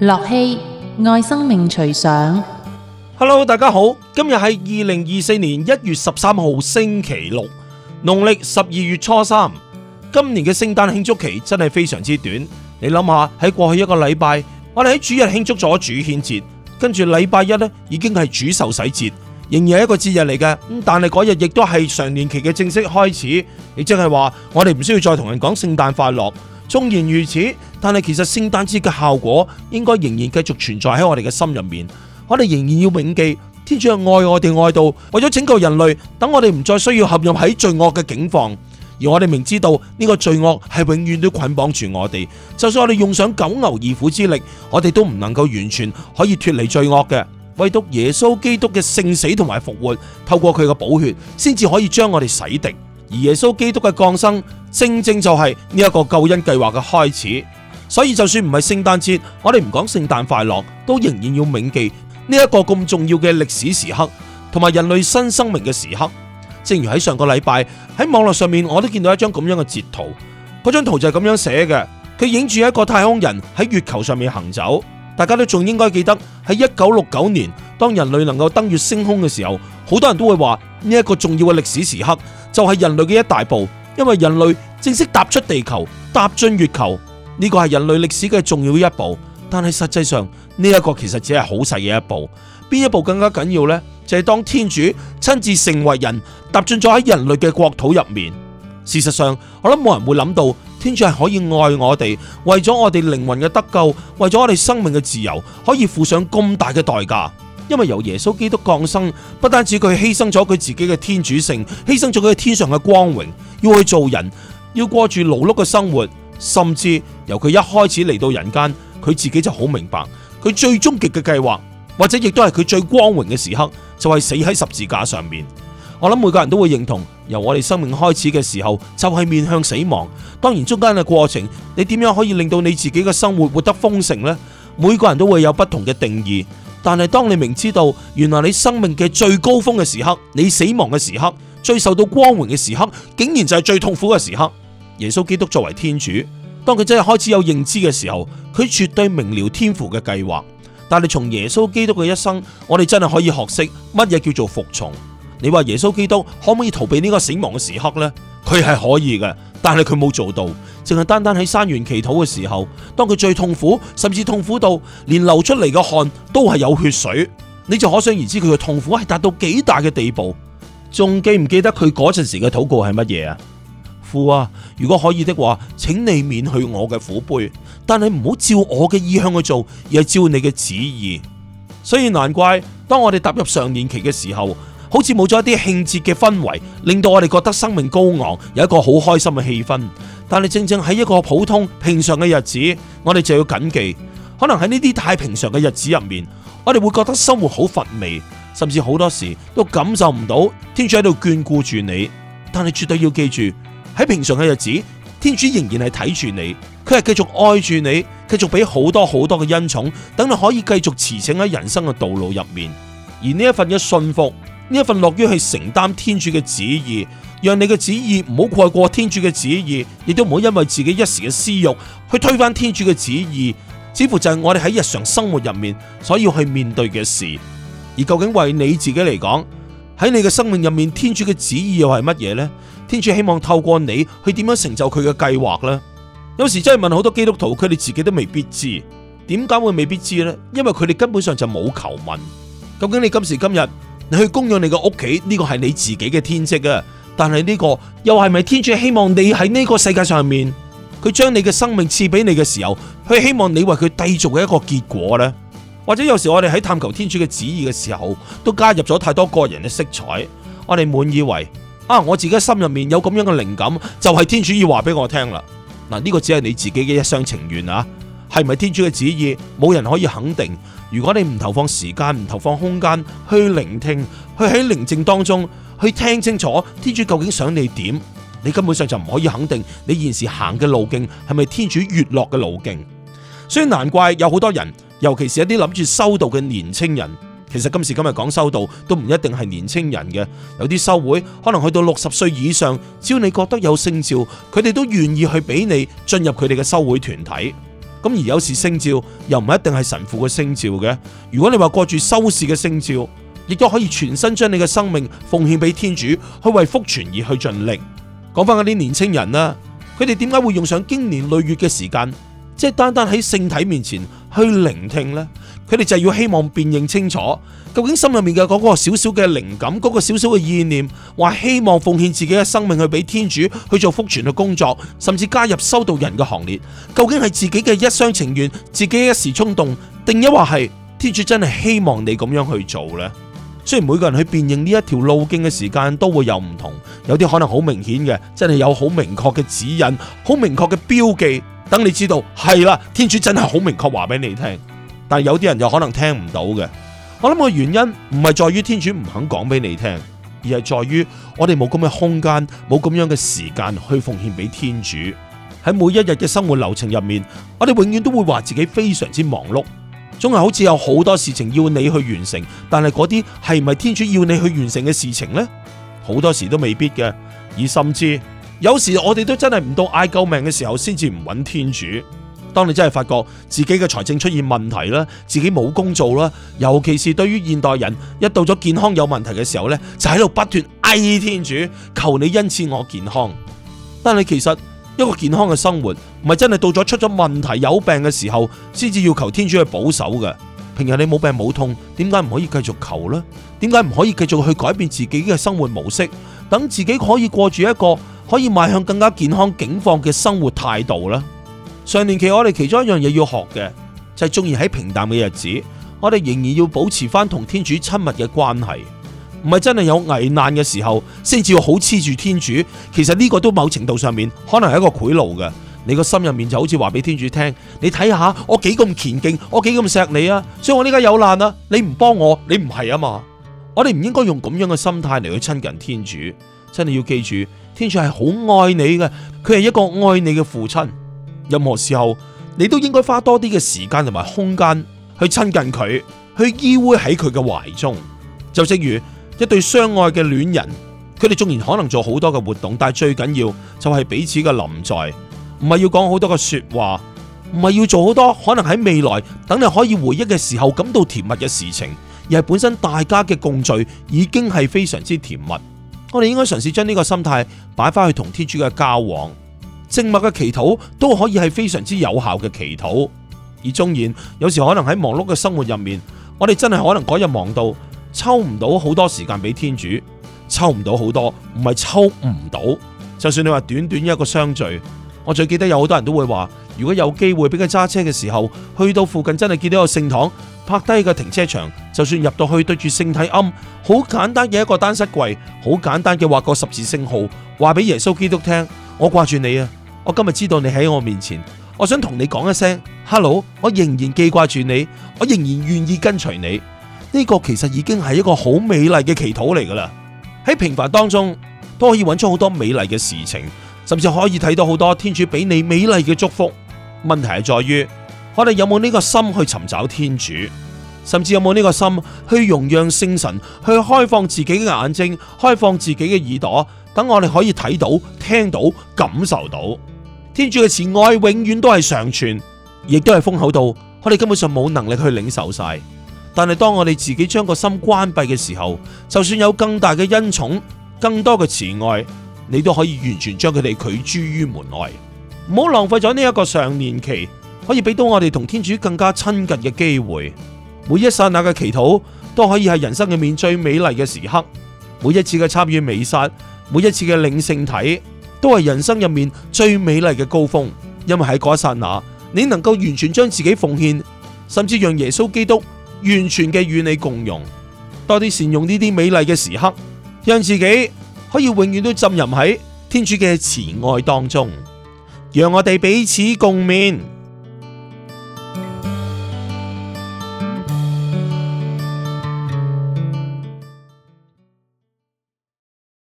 駱曦愛生命隨想，Hello，大家好，今日係二零二四年一月十三號星期六，農曆十二月初三。今年嘅聖誕慶祝期真係非常之短，你諗下喺過去一個禮拜，我哋喺主日慶祝咗主顯節，跟住禮拜一呢已經係主受洗節，仍然係一個節日嚟嘅。咁但係嗰日亦都係常年期嘅正式開始，亦即係話我哋唔需要再同人講聖誕快樂。縱然如此，但係其實聖誕節嘅效果應該仍然繼續存在喺我哋嘅心入面。我哋仍然要銘記天主係愛我哋愛到為咗拯救人類，等我哋唔再需要陷入喺罪惡嘅境況。而我哋明知道呢個罪惡係永遠都捆綁住我哋，就算我哋用上九牛二虎之力，我哋都唔能夠完全可以脫離罪惡嘅。唯獨耶穌基督嘅聖死同埋復活，透過佢嘅寶血，先至可以將我哋洗滌。而耶穌基督嘅降生，正正就係呢一個救恩計劃嘅開始。所以就算唔係聖誕節，我哋唔講聖誕快樂，都仍然要銘記呢一個咁重要嘅歷史時刻，同埋人類新生命嘅時刻。正如喺上個禮拜喺網絡上面，我都見到一張咁樣嘅截圖，嗰張圖就係咁樣寫嘅，佢影住一個太空人喺月球上面行走。大家都仲應該記得喺一九六九年，當人類能夠登月升空嘅時候，好多人都會話呢一個重要嘅歷史時刻，就係人類嘅一大步，因為人類正式踏出地球，踏進月球，呢個係人類歷史嘅重要一步。但係實際上呢一個其實只係好細嘅一步，邊一步更加緊要呢？就係當天主親自成為人，踏進咗喺人類嘅國土入面。事實上，我諗冇人會諗到天主係可以愛我哋，為咗我哋靈魂嘅得救，為咗我哋生命嘅自由，可以付上咁大嘅代價。因為由耶穌基督降生，不單止佢犧牲咗佢自己嘅天主性，犧牲咗佢天上嘅光榮，要去做人，要過住勞碌嘅生活，甚至由佢一開始嚟到人間，佢自己就好明白，佢最終極嘅計劃，或者亦都係佢最光榮嘅時刻，就係死喺十字架上面。我諗每個人都會認同，由我哋生命開始嘅時候，就係面向死亡。當然中間嘅過程，你點樣可以令到你自己嘅生活活得豐盛呢？每個人都會有不同嘅定義。但係當你明知道，原來你生命嘅最高峰嘅時刻，你死亡嘅時刻，最受到光榮嘅時刻，竟然就係最痛苦嘅時刻。耶穌基督作為天主，當佢真係開始有認知嘅時候，佢絕對明了天父嘅計劃。但係從耶穌基督嘅一生，我哋真係可以學識乜嘢叫做服從。你話耶穌基督可唔可以逃避呢個死亡嘅時刻呢？佢係可以嘅，但係佢冇做到，淨係單單喺山園祈禱嘅時候，當佢最痛苦，甚至痛苦到連流出嚟嘅汗都係有血水，你就可想而知佢嘅痛苦係達到幾大嘅地步。仲記唔記得佢嗰陣時嘅禱告係乜嘢啊？父啊，如果可以的話，請你免去我嘅苦杯，但係唔好照我嘅意向去做，而係照你嘅旨意。所以難怪當我哋踏入常年期嘅時候。好似冇咗一啲慶節嘅氛圍，令到我哋覺得生命高昂，有一個好開心嘅氣氛。但係正正喺一個普通平常嘅日子，我哋就要謹記，可能喺呢啲太平常嘅日子入面，我哋會覺得生活好乏味，甚至好多時都感受唔到天主喺度眷顧住你。但係絕對要記住，喺平常嘅日子，天主仍然係睇住你，佢係繼續愛住你，繼續俾好多好多嘅恩寵，等你可以繼續馳騁喺人生嘅道路入面。而呢一份嘅信服。呢一份樂於去承擔天主嘅旨意，讓你嘅旨意唔好蓋過天主嘅旨意，亦都唔好因為自己一時嘅私欲去推翻天主嘅旨意，似乎就係我哋喺日常生活入面所要去面對嘅事。而究竟為你自己嚟講，喺你嘅生命入面，天主嘅旨意又係乜嘢呢？天主希望透過你去點樣成就佢嘅計劃呢？有時真係問好多基督徒，佢哋自己都未必知。點解會未必知呢？因為佢哋根本上就冇求問。究竟你今時今日你去供養你嘅屋企，呢個係你自己嘅天職啊！但係呢個又係咪天主希望你喺呢個世界上面，佢將你嘅生命賜俾你嘅時候，佢希望你為佢締造嘅一個結果呢？或者有時我哋喺探求天主嘅旨意嘅時候，都加入咗太多個人嘅色彩。我哋滿以為啊，我自己心入面有咁樣嘅靈感，就係天主要話俾我聽啦。嗱，呢個只係你自己嘅一廂情願啊！係咪天主嘅旨意？冇人可以肯定。如果你唔投放時間，唔投放空間去聆聽，去喺寧靜當中去聽清楚天主究竟想你點，你根本上就唔可以肯定你現時行嘅路徑係咪天主悅落嘅路徑。所以難怪有好多人，尤其是一啲諗住修道嘅年青人，其實今時今日講修道都唔一定係年青人嘅。有啲修會可能去到六十歲以上，只要你覺得有聖召，佢哋都願意去俾你進入佢哋嘅修會團體。咁而有時聖召又唔一定係神父嘅聖召嘅，如果你話過住修士嘅聖召，亦都可以全身將你嘅生命奉獻俾天主，去為福傳而去盡力。講翻嗰啲年青人啦，佢哋點解會用上經年累月嘅時間，即係單單喺聖體面前。去聆聽呢，佢哋就要希望辨認清楚，究竟心入面嘅嗰個少少嘅靈感，嗰、嗰個少少嘅意念，話希望奉獻自己嘅生命去俾天主去做福傳嘅工作，甚至加入修道人嘅行列，究竟係自己嘅一廂情願，自己一時衝動，定抑或係天主真係希望你咁樣去做呢？雖然每個人去辨認呢一條路徑嘅時間都會有唔同，有啲可能好明顯嘅，真係有好明確嘅指引，好明確嘅標記。等你知道係啦，天主真係好明確話俾你聽，但係有啲人又可能聽唔到嘅。我諗個原因唔係在於天主唔肯講俾你聽，而係在於我哋冇咁嘅空間，冇咁樣嘅時間去奉獻俾天主。喺每一日嘅生活流程入面，我哋永遠都會話自己非常之忙碌，總係好似有好多事情要你去完成，但係嗰啲係唔係天主要你去完成嘅事情呢？好多時都未必嘅，以甚至。有時我哋都真係唔到嗌救命嘅時候，先至唔揾天主。當你真係發覺自己嘅財政出現問題啦，自己冇工做啦，尤其是對於現代人，一到咗健康有問題嘅時候呢，就喺度不斷哎，天主，求你恩賜我健康。但係其實一個健康嘅生活，唔係真係到咗出咗問題有病嘅時候先至要求天主去保守嘅。平日你冇病冇痛，點解唔可以繼續求呢？點解唔可以繼續去改變自己嘅生活模式，等自己可以過住一個？可以邁向更加健康、景況嘅生活態度啦。上年期我哋其中一樣嘢要學嘅，就係縱然喺平淡嘅日子，我哋仍然要保持翻同天主親密嘅關係。唔係真係有危難嘅時候，先至要好黐住天主。其實呢個都某程度上面，可能係一個賄賂嘅。你個心入面就好似話俾天主聽，你睇下我幾咁虔敬，我幾咁錫你啊。所以我呢家有難啊，你唔幫我，你唔係啊嘛。我哋唔應該用咁樣嘅心態嚟去親近天主。真係要記住。天主係好愛你嘅，佢係一個愛你嘅父親。任何時候，你都應該花多啲嘅時間同埋空間去親近佢，去依偎喺佢嘅懷中。就正如一對相愛嘅戀人，佢哋縱然可能做好多嘅活動，但係最緊要就係彼此嘅臨在，唔係要講好多嘅說話，唔係要做好多可能喺未來等你可以回憶嘅時候感到甜蜜嘅事情，而係本身大家嘅共聚已經係非常之甜蜜。我哋應該嘗試將呢個心態擺翻去同天主嘅交往，靜默嘅祈禱都可以係非常之有效嘅祈禱。而縱然，有時可能喺忙碌嘅生活入面，我哋真係可能嗰日忙到抽唔到好多時間俾天主，抽唔到好多，唔係抽唔到。就算你話短短一個相聚，我最記得有好多人都會話，如果有機會俾佢揸車嘅時候，去到附近真係見到個聖堂。拍低個停車場，就算入到去對住聖體龕，好簡單嘅一個單膝櫃，好簡單嘅畫個十字聖號，話俾耶穌基督聽：我掛住你啊！我今日知道你喺我面前，我想同你講一聲 Hello，我仍然記掛住你，我仍然願意跟隨你。呢、這個其實已經係一個好美麗嘅祈禱嚟噶啦，喺平凡當中都可以揾出好多美麗嘅事情，甚至可以睇到好多天主俾你美麗嘅祝福。問題係在於。我哋有冇呢個心去尋找天主，甚至有冇呢個心去容讓聖神去開放自己嘅眼睛，開放自己嘅耳朵，等我哋可以睇到、聽到、感受到天主嘅慈愛，永遠都係長存，亦都係封口到。我哋根本上冇能力去領受晒。但係當我哋自己將個心關閉嘅時候，就算有更大嘅恩寵、更多嘅慈愛，你都可以完全將佢哋拒諸於門外。唔好浪費咗呢一個常年期。可以俾到我哋同天主更加親近嘅機會，每一剎那嘅祈禱都可以係人生入面最美麗嘅時刻。每一次嘅參與彌撒，每一次嘅領聖體，都係人生入面最美麗嘅高峰。因為喺嗰一剎那，你能夠完全將自己奉獻，甚至讓耶穌基督完全嘅與你共融。多啲善用呢啲美麗嘅時刻，讓自己可以永遠都浸淫喺天主嘅慈愛當中，讓我哋彼此共勉。